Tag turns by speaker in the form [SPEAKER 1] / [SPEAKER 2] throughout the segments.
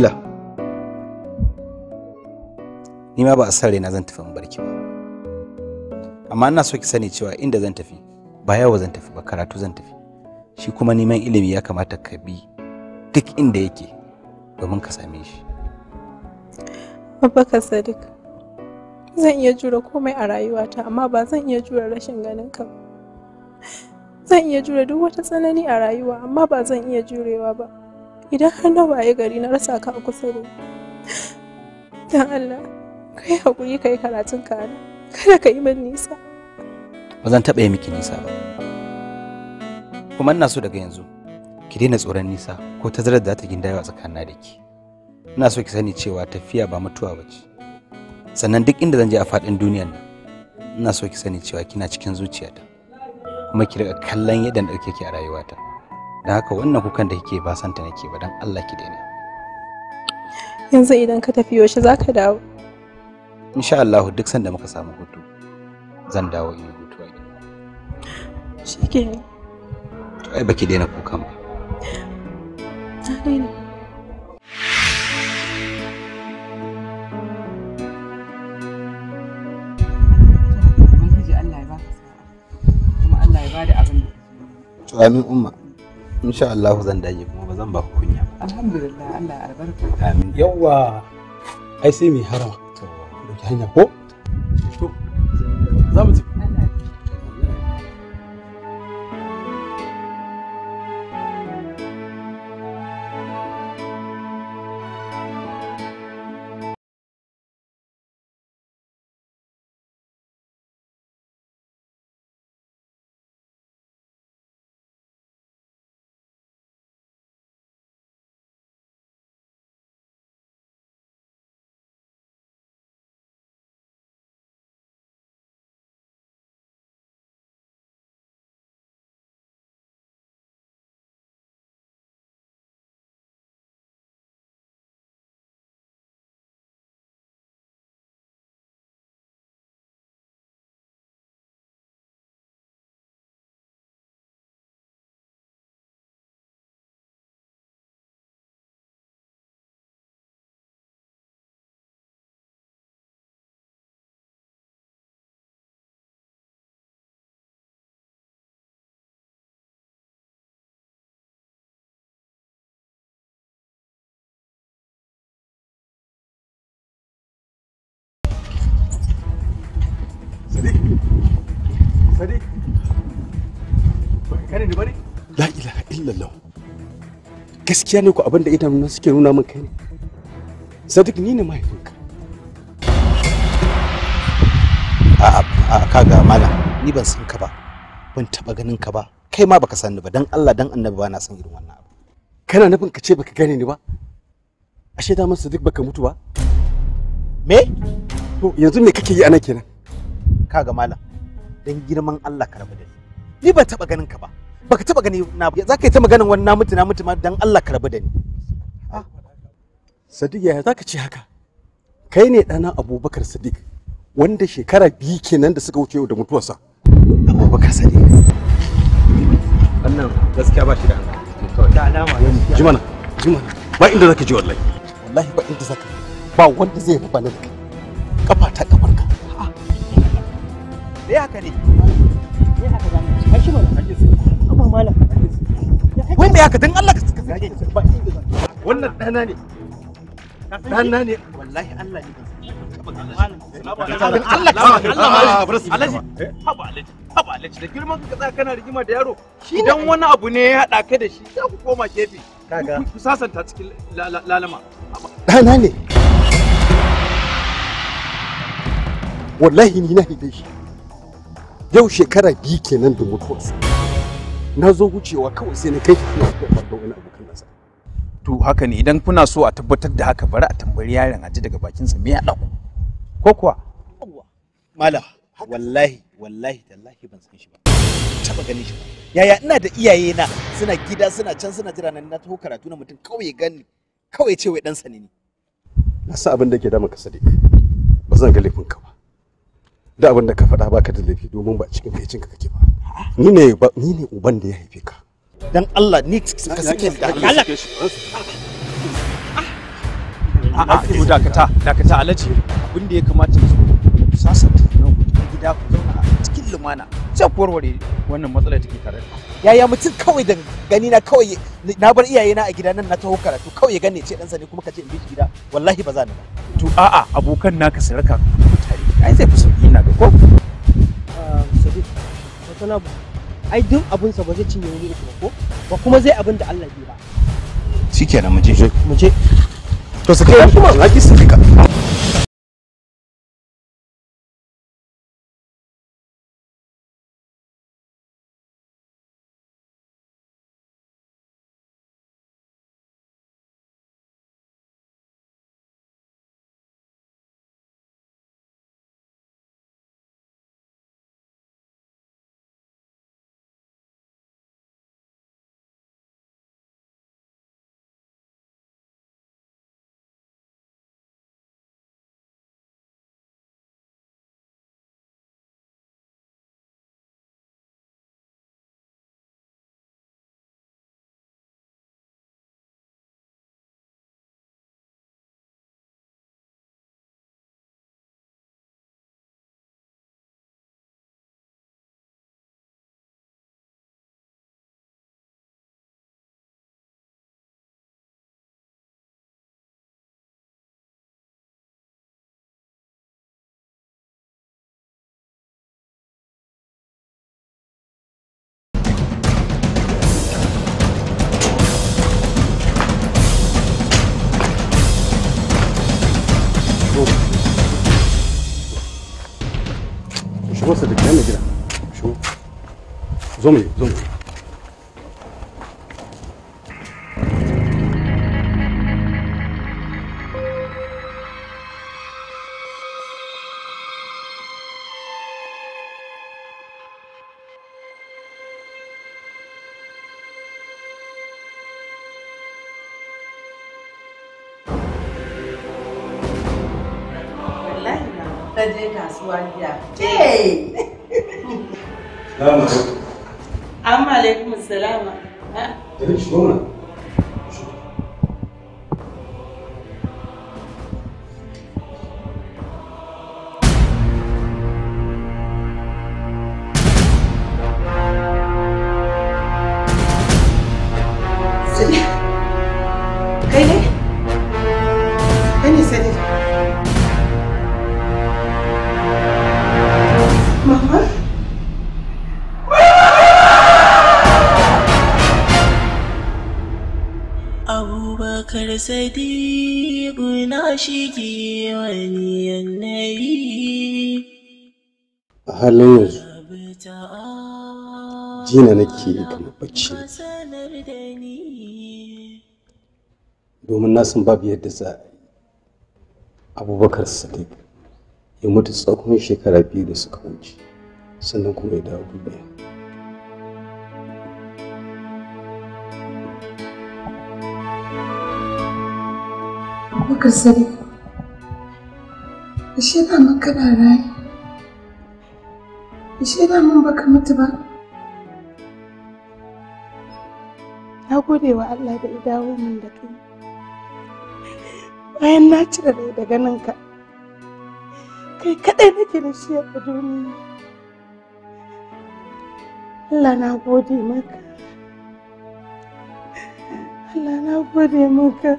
[SPEAKER 1] Nabila. Ni ma ba a san raina zan tafi in barki ba. Amma ina so ki sani cewa inda zan tafi ba yawo zan tafi ba karatu zan tafi. Shi kuma neman ilimi ya kamata ka bi duk inda yake domin ka same shi.
[SPEAKER 2] Abubakar Sadiq, zan iya jure komai a rayuwata amma ba zan iya jure rashin ganin ka ba. Zan iya jure duk wata tsanani a rayuwa amma ba zan iya jurewa ba. idan har na waye gari na rasa ka a kusa da dan Allah ka yi haƙuri ka yi karatun ka na kada ka yi min nisa
[SPEAKER 1] ba zan taɓa yi miki nisa ba kuma ina so daga yanzu ki daina tsoron nisa ko tazarar da ta gindayewa tsakanin da ki ina so ki sani cewa tafiya ba mutuwa ba ce sannan duk inda zan je a faɗin duniyar nan ina so ki sani cewa kina cikin zuciyata kuma ki riƙa kallon yadda da ke a rayuwata. da haka wannan kukan da kike ba santa nake ba dan Allah ki daina
[SPEAKER 2] yanzu idan ka tafi yaushe zaka dawo
[SPEAKER 1] insha Allah duk sanda muka samu hutu zan dawo in hutu a
[SPEAKER 2] gida shikenan
[SPEAKER 1] to ai baki daina kukan ba amin umma insha Allah zan dage kuma ba zan ba ku kunya
[SPEAKER 2] alhamdulillah
[SPEAKER 3] Allah ya albarka amin yawa ai sai mai harama to hanya ko to za mu tafi bari. La ilaha illallah. Gaskiya ne ku abinda na suke nuna min kai ne. Sadiq ni ne mahaifinka.
[SPEAKER 1] a ka kaga malam, ni ban san ka ba. Ban taba ganin ka ba. Kai ma baka san ni ba dan Allah dan Annabi ba na san irin wannan abu. Kana nufin ka ce baka gane ni ba? Ashe da masa duk baka mutu ba? Me? To yanzu me kake yi anan kenan? Kaga malam, dan girman Allah ka rabu da ni ni ba taba ganin ka ba baka taba gani na ba zaka yi ta maganin wani na mutu na mutu ma dan Allah ka rabu da ni
[SPEAKER 3] Sadiq ya zaka ce haka kai ne dana Abubakar Sadiq wanda shekara biyu kenan da suka wuce da mutuwarsa Abubakar Sadiq
[SPEAKER 1] wannan gaskiya ba shi da da alama jimana
[SPEAKER 3] jimana ba inda zaka je wallahi wallahi ba inda zaka ba wanda zai rufa nan kafa ta kafa
[SPEAKER 1] ne wallahi Allah ne girman ka kana rigima da yaro
[SPEAKER 4] idan
[SPEAKER 3] da shi za ne wallahi ni na shi yau shekara biyu kenan da mutuwarsa na zo wucewa kawai sai na kai shi kuma suka faɗa wani abokan nasa to haka ne idan kuna
[SPEAKER 1] so a tabbatar da haka bari a tambayi yaron aji daga bakinsa me ya ɗauko ko kuwa malam wallahi wallahi tallahi ban san shi ba taba ganin shi ba yaya ina da iyaye na suna gida suna can suna jira nan na taho karatu na mutum kawai ya gani kawai ce wai dan sani ne
[SPEAKER 3] na sa abin da ke da maka sadiq ba zan ga laifin ka ba da abin da ka faɗa baka da laifi domin ba cikin kai cinka kake ba ni ne ni ne uban da ya haife ka dan Allah ni ka sake da Allah a'a ku dakata dakata alaji
[SPEAKER 1] abin da ya kamata ku sasanta nan ku gida ku zauna a cikin lumana sai ku warware wannan matsalar take tare da yaya mutum kawai da gani na kawai na bar iyaye na a gida nan na taho karatu kawai ya gane ce dan ne kuma ka ce in bi gida wallahi ba za ni ba
[SPEAKER 4] to a'a abokan naka sai raka ku tare
[SPEAKER 1] ai zai
[SPEAKER 2] fi sauki ina ga ko ah, sadiq wata na ai duk abin sa ba zai cinye wani uku ko ba kuma zai abin da Allah bai ba
[SPEAKER 1] shikenan mu je mu je to sai kuma laki sadiqa
[SPEAKER 3] zumbi, zumbi.
[SPEAKER 2] Wallahi na. Ta je kasuwa jiya.
[SPEAKER 3] 你说了。
[SPEAKER 4] sadiquna shi wani yanayi
[SPEAKER 3] a halin yanzu jina nake yi kamar bacci domin na san babu yadda za abubakar sadiq ya mutu tsakon shekara biyu da suka wuce sannan kuma ya dawo duniya
[SPEAKER 2] abubakar sadiq ashe da man kana raye ashe da man baka mutu ba na gode wa allah da idawo min da kai bayan na cire rai daga nan ka kai kaɗai nake da shi a duniya allah na gode maka Allah na gode maka.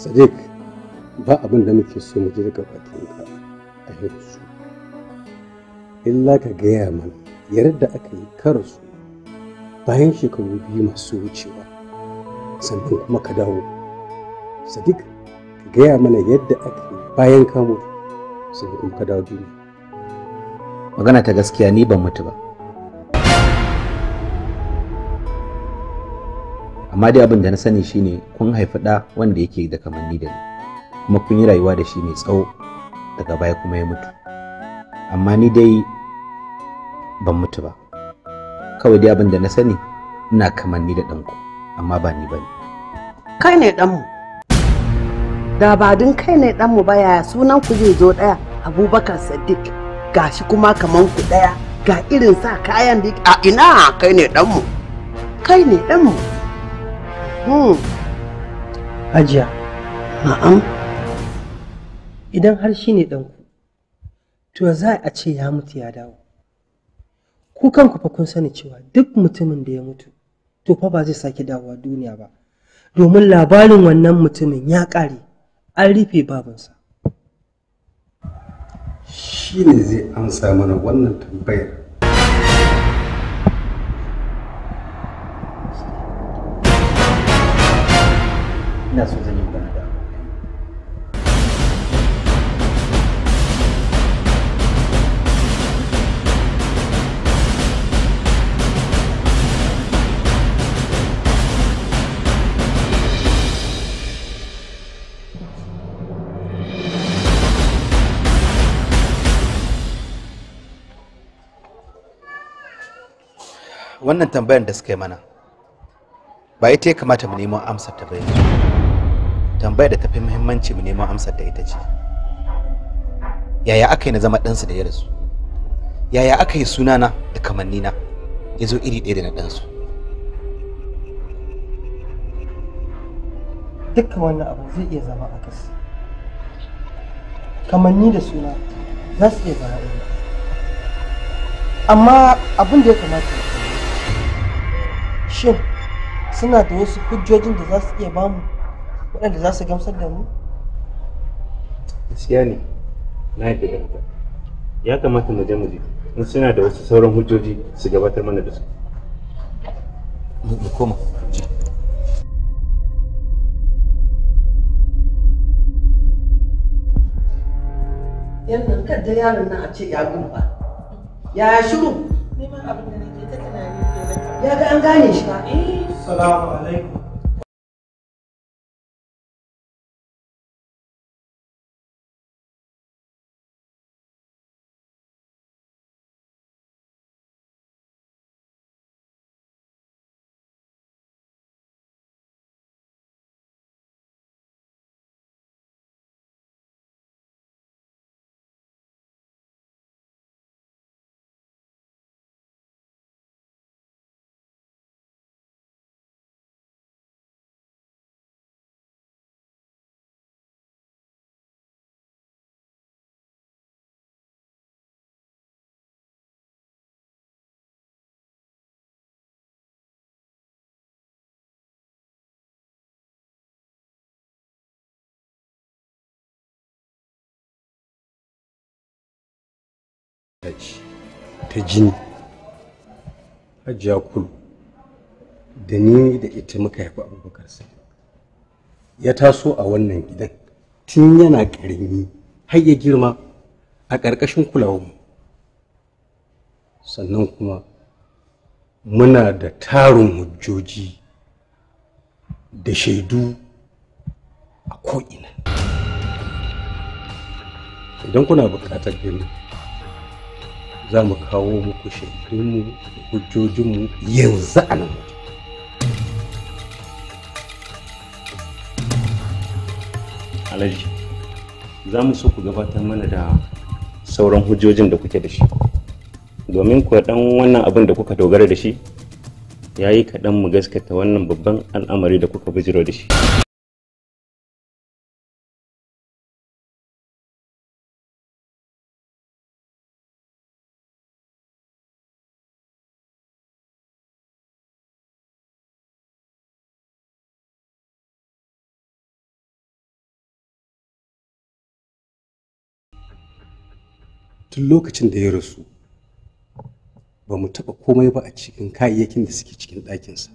[SPEAKER 3] sadiq ba abin da muke so mu ji daga ka a yanzu illa ka gaya mana yadda aka yi karasu bayan shekaru biyu masu wucewa sannan kuma ka dawo sadiq ka gaya mana yadda aka yi bayan kamu sannan kuma ka dawo duniya
[SPEAKER 1] magana ta gaskiya ni ban mutu ba amma dai abin da na sani shine kun haifi ɗa wanda yake da kamanni da ni kuma kun yi rayuwa da shi mai tsawo daga baya kuma ya mutu amma ni dai ban mutu ba kawai dai abin da na sani ina kamanni da ɗanku amma ba ni ba ne
[SPEAKER 2] kai ne ɗanmu da ba din kai ne ɗanmu ba yaya sunan ku zai zo ɗaya abubakar sadiq gashi kuma kaman ku ɗaya ga irin sa kayan da a ina kai ne ɗanmu kai ne ɗanmu Ajiya. na'am. Idan har shi ne ɗanku, to za a ce ya mutu ya dawo. Ku kanku fa kun sani cewa duk mutumin da ya mutu, to fa ba zai sake dawowa duniya ba. Domin labarin wannan mutumin ya ƙare, an rufe babansa.
[SPEAKER 3] Shi ne zai amsa mana wannan tambayar. ina so zan yi magana da
[SPEAKER 1] wannan tambayar da suka yi mana ba ita ya kamata mu neman amsar ta bayan Tambaya da ta fi muhimmanci mu neman amsar da ita ce yaya aka yi na zama ɗansu da ya rasu yaya aka yi sunana da kamannina ya zo iri ɗaya da na ɗansu
[SPEAKER 2] dukkan wannan abu zai iya zama a kasi kamanni da suna za su iya zama iri amma abin da ya kamata shin suna da wasu hujjojin da za su iya bamu waɗanda za su gamsar da mu
[SPEAKER 1] gaskiya ne na yi da haka ya kamata mu je mu je in suna da wasu sauran hujjoji su gabatar mana da su mu koma
[SPEAKER 2] yannan kan da yaron nan a ce ya gumba ya shiru ya ga an gane shi ba eh salamu alaikum
[SPEAKER 3] ta jini hajiya kulu da ni da ita muka haifi abubakar ya taso a wannan gidan tun yana ƙarami har ya girma a ƙarƙashin kulawarmu sannan kuma muna da tarin hujjoji da shaidu a ko'ina idan kuna buƙatar gani za mu kawo muku shaidunmu da hujjojinmu yanzu a nan alhaji za mu so ku gabatar
[SPEAKER 1] mana da sauran hujjojin da kuke da shi domin ku dan wannan abin da kuka dogara da shi ya yi kaɗan mu gaskata wannan babban al'amari da kuka bijiro da
[SPEAKER 5] shi
[SPEAKER 3] tun lokacin da ya rasu ba mu taɓa komai ba a cikin kayayyakin da suke cikin ɗakinsa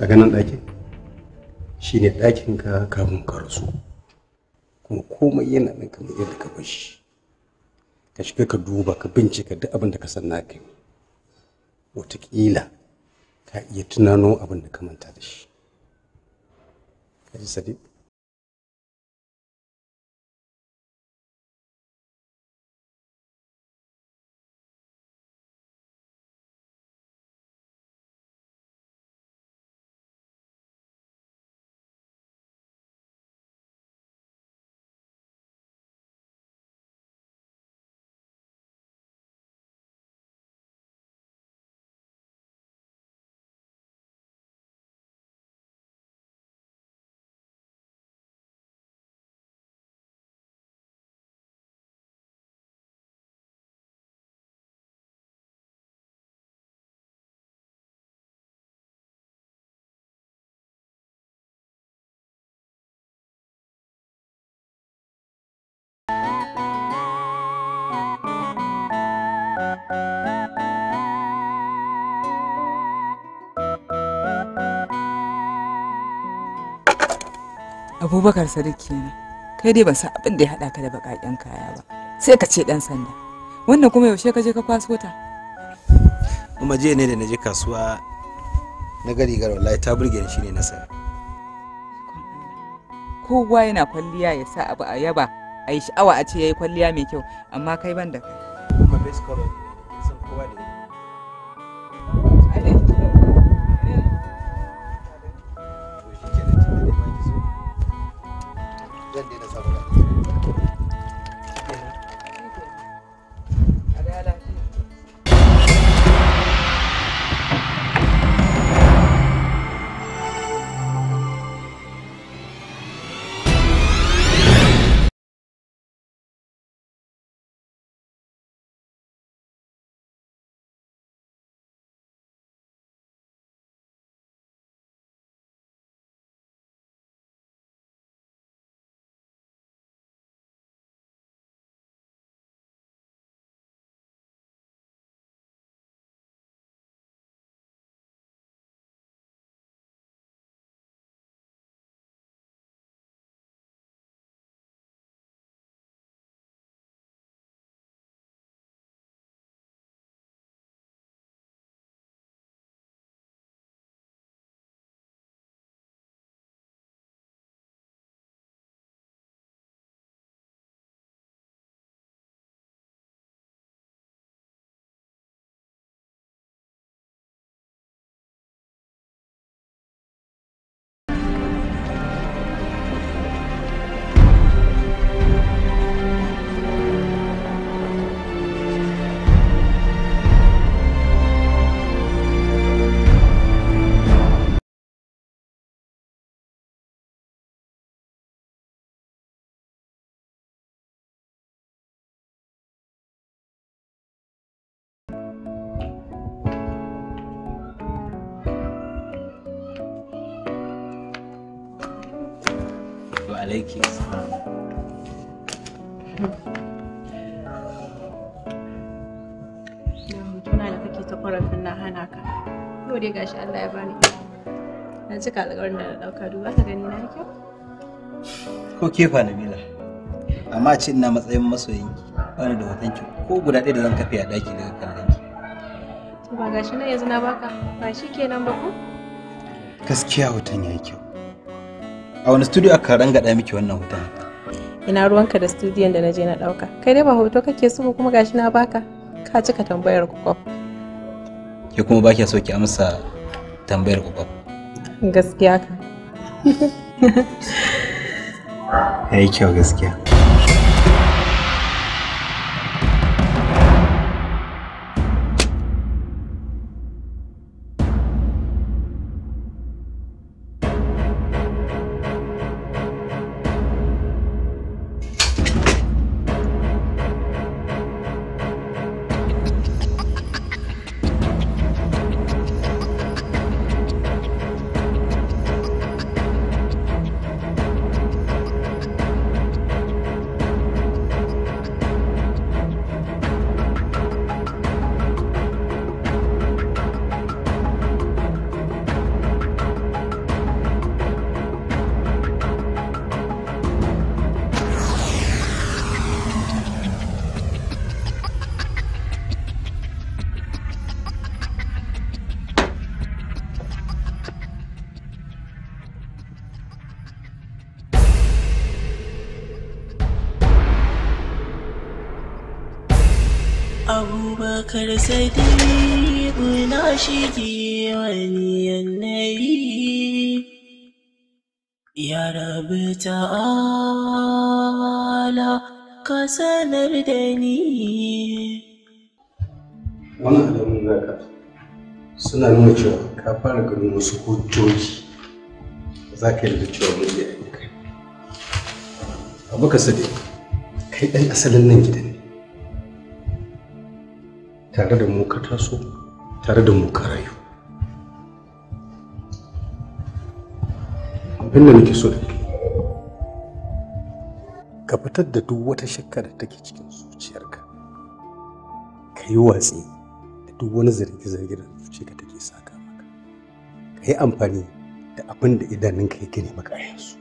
[SPEAKER 5] daga nan ɗakin
[SPEAKER 3] shi ne ɗakinka kafin ka rasu kuma komai yana nan kamar yadda ka bashi ka shiga ka duba ka bincika duk abin da ka san na kai wataƙila ka iya tunano abin da ka manta da shi
[SPEAKER 5] ka ji sadiq
[SPEAKER 2] abubakar sadiq kenan kai dai ban san abin da ya haɗa ka da
[SPEAKER 1] baƙaƙen kaya ba sai ka ce ɗan sanda wannan kuma yaushe ka je ka kwaso ta kuma je ne da na je kasuwa na gari ga wallahi ta burge ni shine na sa kowa yana kwalliya ya sa abu a yaba a yi sha'awa a ce ya yi kwalliya mai kyau amma kai ban da kai kuma base color kowa da aiki
[SPEAKER 2] tuna da kake ta korafin na hana ka yau dai gashi Allah na da na
[SPEAKER 1] kyau ko matsayin masoyinki da hotonki ko guda ɗaya da zan kafe a ɗaki daga kallonki
[SPEAKER 2] ba gashi nan yanzu na baka ba shi kenan ba ko
[SPEAKER 1] gaskiya hoton yi kyau a wani studio aka rangada miki wannan hoton
[SPEAKER 2] ina ruwanka da studio da na je na dauka kai dai ba hoto kake so kuma gashi na baka ka cika tambayar ku kwaf
[SPEAKER 1] ke kuma baki so ki amsa tambayar ku kwaf
[SPEAKER 2] gaskiya ka
[SPEAKER 1] yayi kyau gaskiya
[SPEAKER 2] صديق ناشدي ولي النبي يا رب تعالى كسنر دني
[SPEAKER 3] wannan alamun naka suna nuna cewa ka fara ganin wasu hujjoji za ka yarda cewa mun yi abu ka sadi kai ɗan asalin nan gidan tare da mu ka taso tare da mu ka rayu abin nake so da ka fitar da duk wata shakka da take cikin zuciyarka ka yi watsi da duk wani zargi-zargi da zuciyarka take saka maka ka yi amfani da abin da idanunka
[SPEAKER 1] ya gani maka a yanzu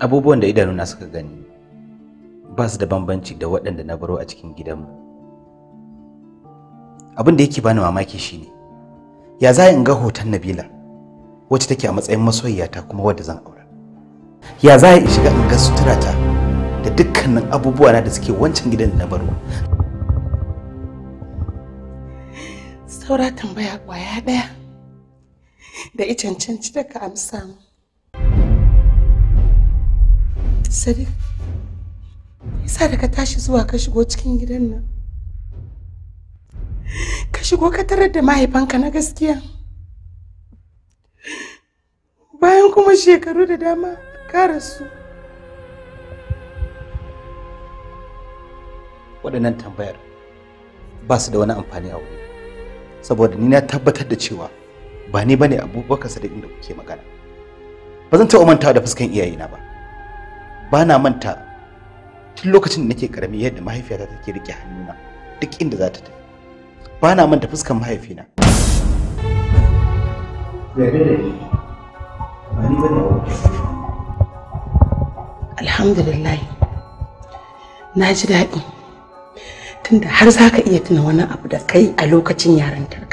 [SPEAKER 1] abubuwan da idanuna suka gani ba su da bambanci da waɗanda na baro a cikin gidanmu abin da yake bani mamaki shine ya za in ga hoton nabila wacce take a matsayin masoyiyata kuma wadda zan aura ya za in shiga in ga suturata da dukkanin abubuwa na da suke wancan gidan da na baro saura tambaya kwaya daya da icancanci da amsa mu Sadiq, yasa da ka tashi zuwa ka shigo cikin gidan nan? Ka shigo ka tarar da mahaifanka na gaskiya. Bayan kuma shekaru da dama ka rasu. Waɗannan tambayar ba su da wani amfani a wuri. Saboda ni na tabbatar da cewa ba ni bane abubakar sadiq da kuke magana. Ba zan taɓa mantawa da fuskan iyayena ba. ba na manta tun lokacin da nake karami yadda mahaifiyata take rike hannuna duk inda za ta tafi ba na manta fuskan mahaifina
[SPEAKER 2] alhamdulillah na ji daɗi tunda har za ka iya tuna wani abu da kai a lokacin yarinta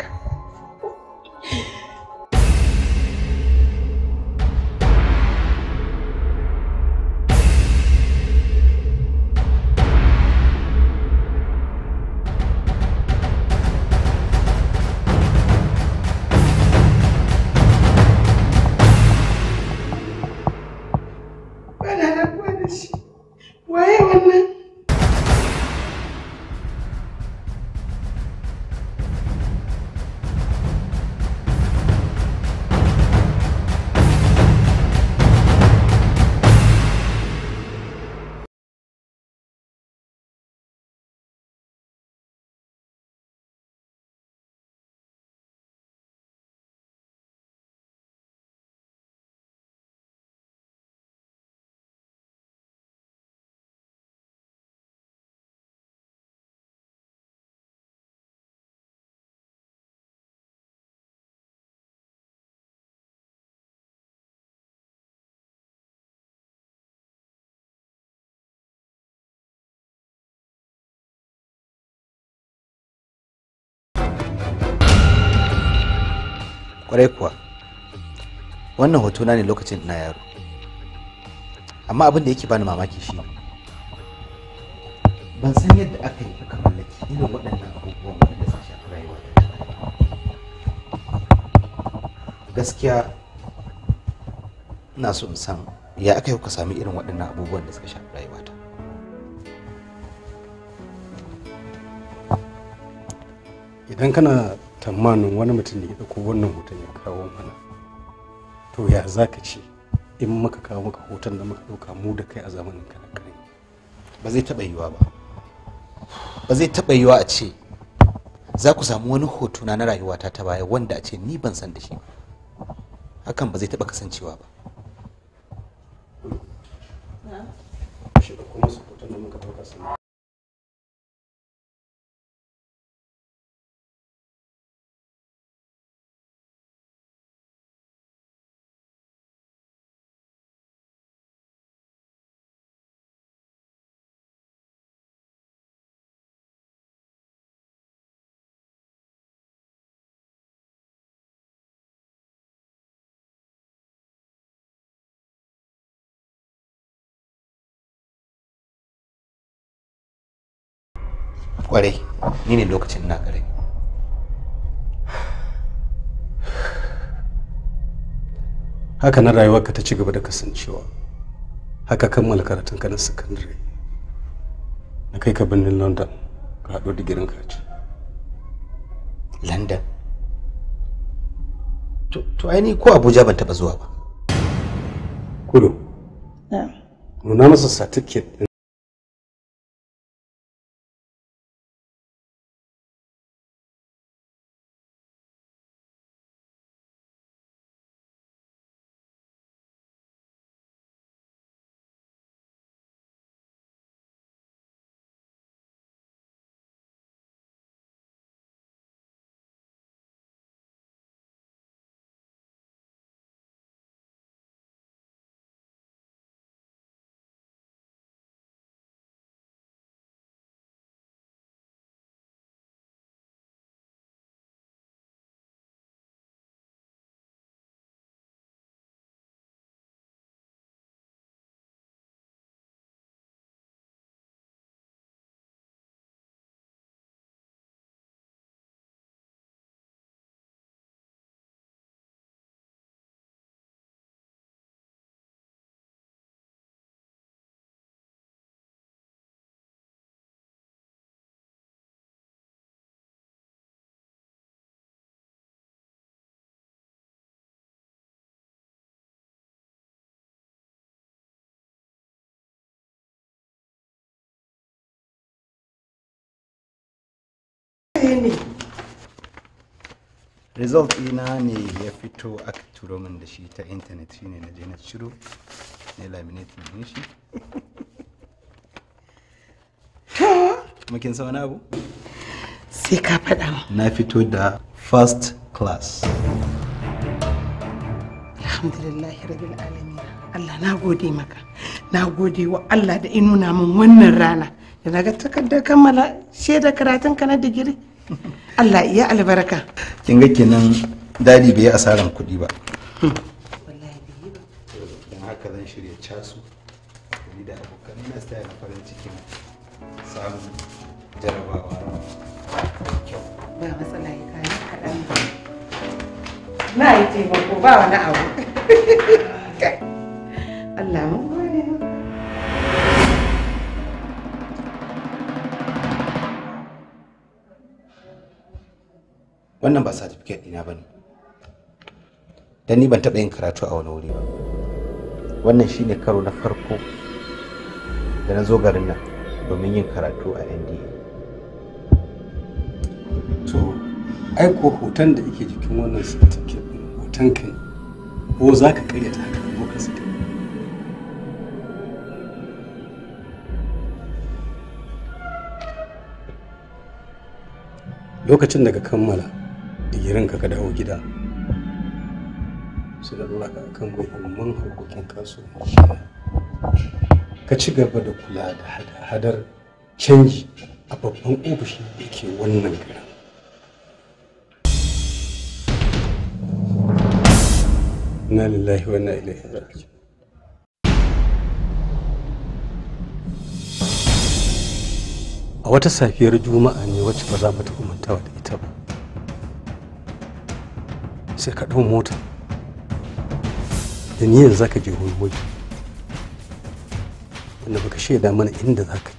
[SPEAKER 1] kwarai kuwa wannan hoto na ne lokacin na yaro amma abin da yake bani mamaki shi ne ban san yadda aka yi aka mallaki irin waɗannan abubuwan wanda sun shafi rayuwa gaskiya ina so in san ya aka yi kuka sami irin waɗannan abubuwan da suka shafi ta.
[SPEAKER 3] idan kana tamanin wani mutum ne ya wannan hoton ya kawo mana to ya za ce in muka kawo maka hoton da muka ɗauka mu da kai a zamanin ka kare
[SPEAKER 1] ba zai taɓa yiwa ba ba zai taɓa yiwa a ce za ku samu wani hoto na rayuwata ta baya wanda a ce ni ban san da shi hakan ba zai taɓa kasancewa ba
[SPEAKER 5] kwarai ni ne lokacin
[SPEAKER 3] na kare haka na rayuwarka ta ci gaba da kasancewa haka kammala karatunka na sakandare na kai ka birnin london ka haɗo digirin kaci
[SPEAKER 1] london to aini ko abuja ban taɓa zuwa ba kudu na masa
[SPEAKER 5] satiket
[SPEAKER 1] ne ne result ina ne ya fito aka turo min da shi ta intanet shine na je na ciro na laminate din shi kuma kin san wani abu sai ka faɗa na fito da first class
[SPEAKER 2] alhamdulillah rabbil alamin Allah na gode maka na gode wa Allah
[SPEAKER 1] da inuna min wannan rana da na ga takardar kammala shaidar karatunka na digiri Allah ya albarka kin ga kenan dadi bai asaran kuɗi ba wallahi bai yi ba dan haka zan shirya casu ni da abokan ina style na farin ciki samu jarabawa ba matsala ya kai kaɗan na yi taimako ba wani abu Allah mun wannan ba certificate ɗina ba ne don ni ban taɓa yin karatu a wani wuri ba wannan shine karo na farko da na zo garin nan domin yin karatu a nda to ai ko hoton da yake jikin wannan certificate hoton kai
[SPEAKER 3] ko za ka ta haka ko ka saka. lokacin da ka kammala digirin ka ka dawo gida su da ka akan muhimman harkokin kasuwanci ka ci gaba da kula da hada-hadar canji a babban ofishi da ke wannan garin inna lillahi wa ilaihi raji'un a wata safiyar juma'a ne wacce ba za mu taɓa mantawa da ita ba sai ka ɗau mota da niyan za ka je wani waje wanda baka shaida mana inda za ka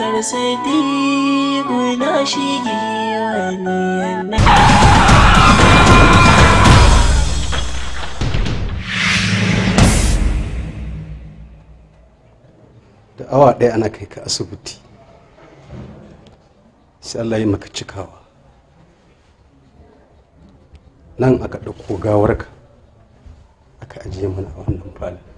[SPEAKER 4] karsadi
[SPEAKER 3] da awa ɗaya ana kai ka asibiti sai Allah yi maka cikawa nan aka ɗauko gawarka aka ajiye mana a wannan falon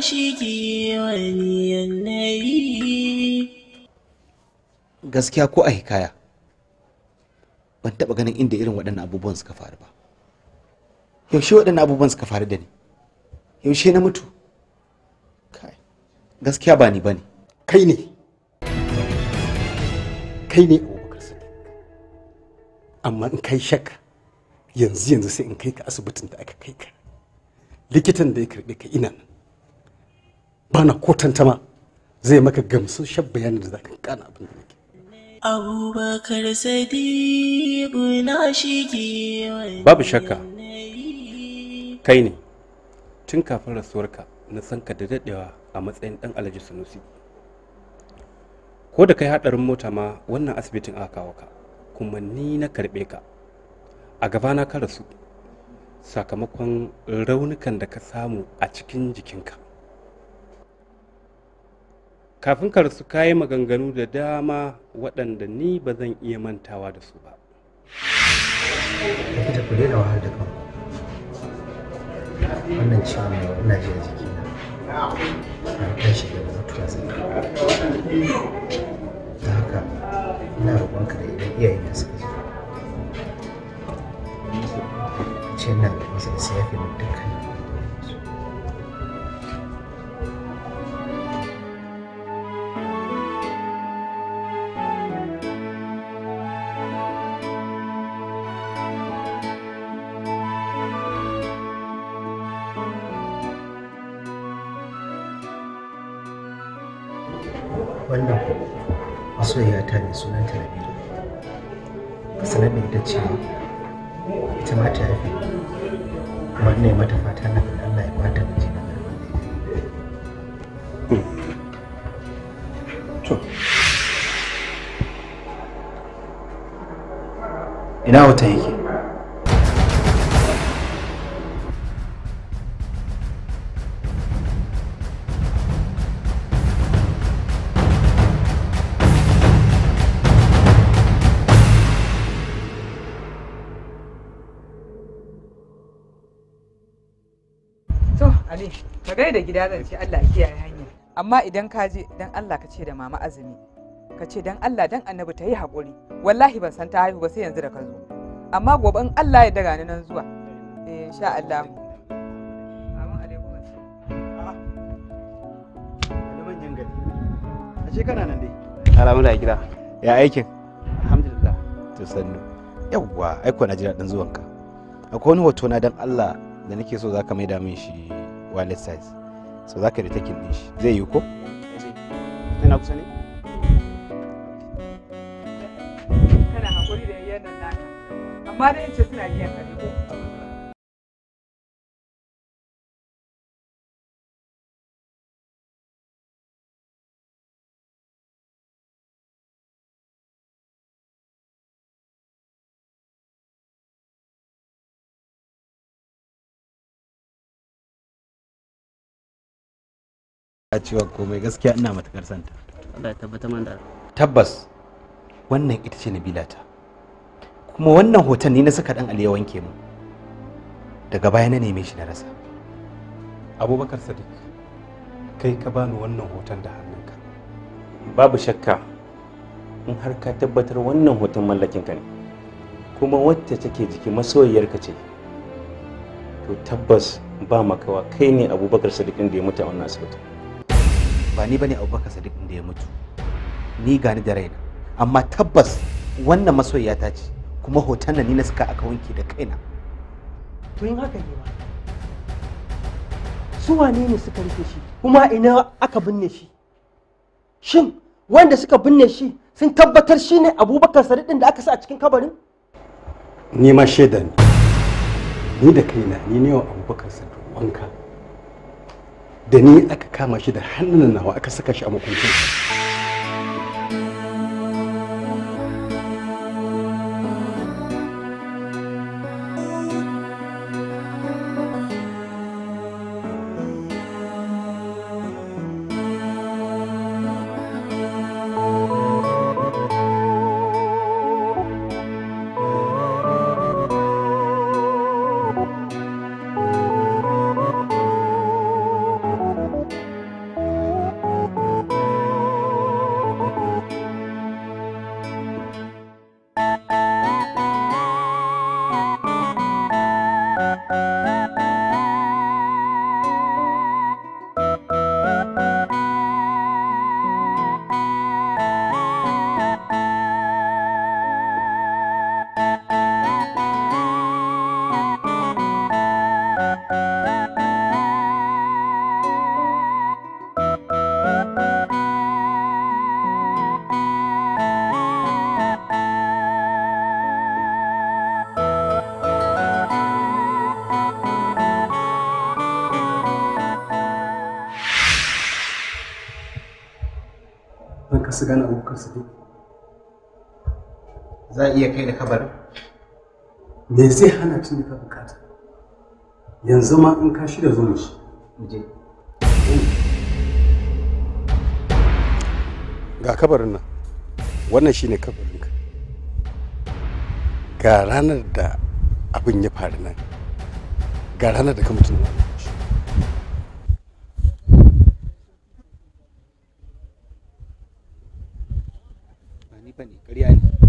[SPEAKER 2] wani yanayi
[SPEAKER 1] gaskiya ko a hikaya ban taɓa ganin inda irin waɗannan abubuwan suka faru ba yaushe waɗannan abubuwan suka faru da ni yaushe na mutu kai gaskiya ba ni ba ne kai ne kai ne abubakar su. amma in kai
[SPEAKER 3] shakka yanzu yanzu sai in kai ka asibitin da aka kai ka likitan da ya karɓi ka ina nan bana kotanta ma zai maka gamsashen bayanin da zaka kana abin da nake
[SPEAKER 2] abubakar sadiqu na shige
[SPEAKER 3] babu shakka kai ne tun kafin rasuwarka na san ka da dadewa a matsayin dan alhaji sanusi ko da kai hadarin mota ma wannan asibitin aka kawo ka kuma ni na karbe ka a gabana ka rasu sakamakon raunukan da ka samu a cikin jikinka kafin ka rasu kayi maganganu da dama waɗanda ni ba zan iya mantawa da su ba ita ku da wahal
[SPEAKER 1] da kanku wannan ciwon ne ina na a jikina na da daga mutuwa zai da haka ina ka da idan iyayen da suka ji ce na da masa da sai ya fi dukkan mai sunan talabiru ka sanar da ita cewa ita ma ta rabi kuma ina mata fata na da Allah ya bata miji na garba to ina wata yake gida zan ce Allah kiyaye hanya amma idan ka je dan Allah ka ce da mama azumi ka ce dan Allah dan annabi ta yi haƙuri wallahi ban san ta haihu ba sai yanzu da ka zo amma gobe in Allah ya daga ni nan zuwa eh insha Allah Ashe kana nan dai. Alhamdulillah gida. Ya aikin? Alhamdulillah. To sannu. Yawwa, aiko na ji dan zuwanka. Akwai wani hoto na dan Allah da nake so zaka maida min shi wallet size. so za ka retakin ɗin shi zai yi ko? ina kusa ne?
[SPEAKER 5] kana haƙuri da yayyar naka amma da yace suna biyan ka ne ko?
[SPEAKER 1] cewa komai gaskiya ina matakar santa tabbas wannan ita ce Nabila ta kuma wannan hoton ni na saka dan Ali ya wanke mu daga baya na neme shi na rasa
[SPEAKER 3] Abubakar Sadiq kai ka bani wannan hoton da hannunka
[SPEAKER 1] babu shakka in har ka tabbatar wannan hoton mallakin ka ne kuma wacce take jiki masoyiyarka ce to tabbas ba makawa kai ne abubakar sadiq da ya mutu a wannan asibitin. ba ni bane abubakar sadiq da ya mutu ni gani da raina amma tabbas wannan masoyiya ta ce kuma hoton nan ni na suka aka wanke da kaina
[SPEAKER 2] to yin haka ne ba su wane ne suka rufe shi kuma ina aka binne shi shin wanda suka binne shi sun tabbatar shi ne abubakar sadiq din da aka sa a cikin kabarin
[SPEAKER 3] ni ma shaida ne ni da kaina ni ne wa abubakar sadiq wanka da ni aka kama shi da hannun nawa aka saka shi a makuncin
[SPEAKER 1] ban kasa gane su sadiq za a iya kai da kabarin
[SPEAKER 3] me zai hana tun da ka bukata yanzu ma in ka da zo mu shi ga kabarin nan wannan shine kabarinka ga ranar da abin ya faru nan ga ranar da ka mutu nan
[SPEAKER 1] नहीं कडी आली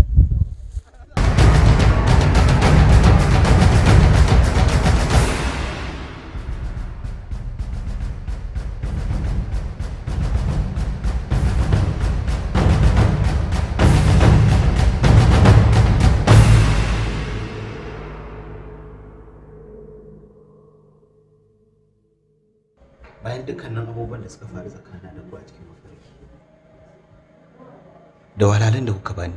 [SPEAKER 1] da walalan da kuka bani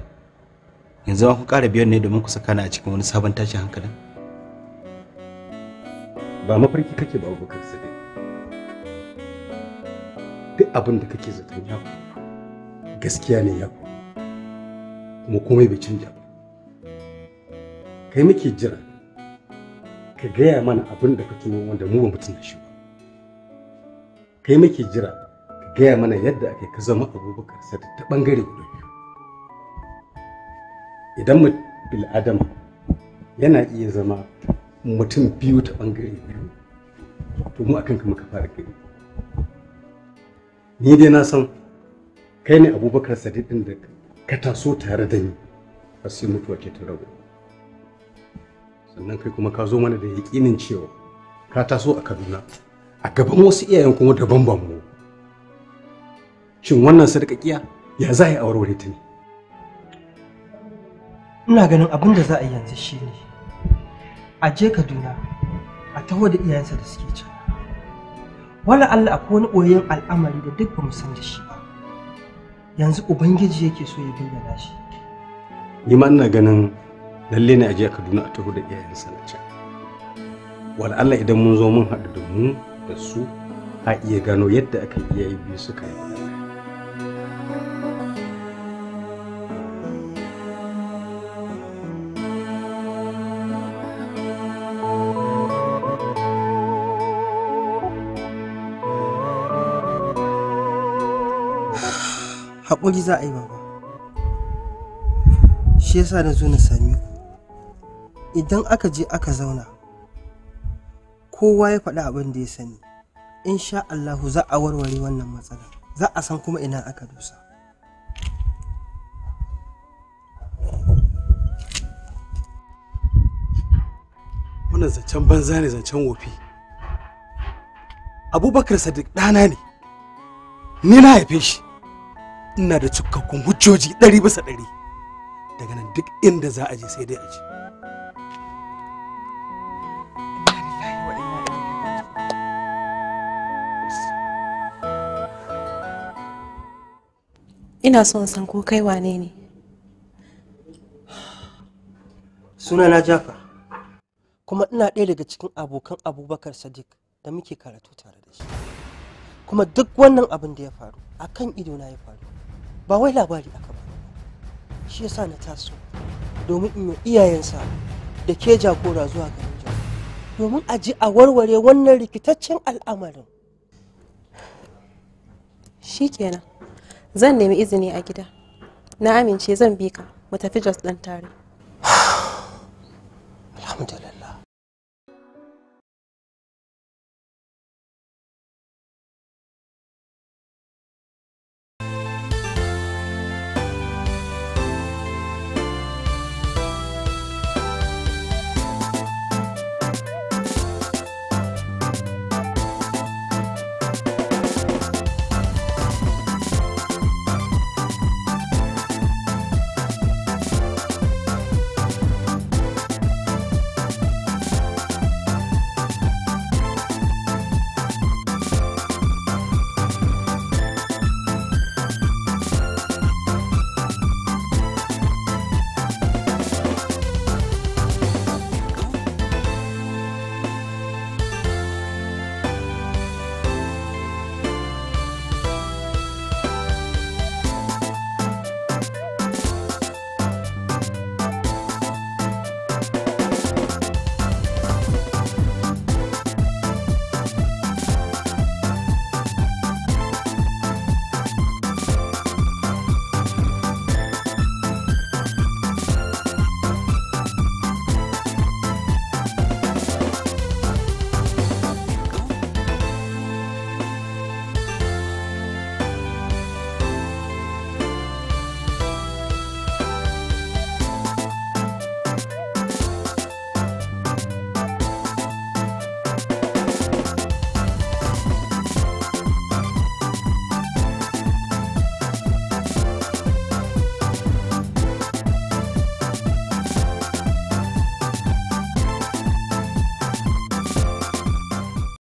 [SPEAKER 1] yanzu ma ku ƙara biyan ne domin ku saka ni a cikin wani sabon tashin hankalin ba mafarki
[SPEAKER 3] kake ba abubakar sadiq duk abin da kake zaton ya gaskiya ne ya kuma komai bai canja ba kai muke jira ka gaya mana abin da ka tuno wanda mu ba mu da shi ba kai muke jira ka gaya mana yadda aka ka zama abubakar sadiq ta bangare guda biyu idan bil'adama yana iya zama mutum biyu ta bangare biyu to mu akan ka muka fara gani ni dai na san kai ne abubakar sadiq din da ka taso tare da ni a sai mutuwa ke ta rabu sannan kai kuma ka zo mana da yaƙinin cewa ka taso a kaduna a gaban wasu iyayen kuma daban ban mu shin wannan kiya ya za a yi aure ta ne
[SPEAKER 2] ina ganin abin da za a yi yanzu shine a je kaduna a taho da iyayensa da suke can wala allah akwai wani ɓoyin al'amari da duk ba mu san da shi ba yanzu ubangiji yake so ya bayyana shi
[SPEAKER 3] ni ma ina ganin lalle ne a je kaduna a taho da iyayensa na can wala allah idan mun zo mun haɗu da mu da su a iya gano yadda aka iyaye biyu suka yi
[SPEAKER 2] haƙuri za a yi baba shi yasa na zo na sami ku idan aka je aka zauna kowa ya faɗi abin da ya sani insha Allahu za a warware wannan matsala za a san kuma ina aka dusa.
[SPEAKER 3] wannan zancen banza ne zancen wofi abubakar sadiq ɗana ne ni na haife shi ina da cikakkun hujjoji ɗari bisa ɗari daga nan duk inda za a je sai dai a je
[SPEAKER 2] ina son san ko kai wane ne suna na jafa kuma ina ɗaya daga cikin abokan abubakar sadiq da muke karatu tare da shi kuma duk wannan abin da ya faru akan na ya faru ba wai labari aka ba shi yasa na taso domin in yi iyayensa da ke jagora zuwa garin jawo domin a ji a warware wannan rikitaccen al'amarin shikenan zan nemi izini a gida na amince zan bi ka mu tafi jos ɗan tare alhamdulillah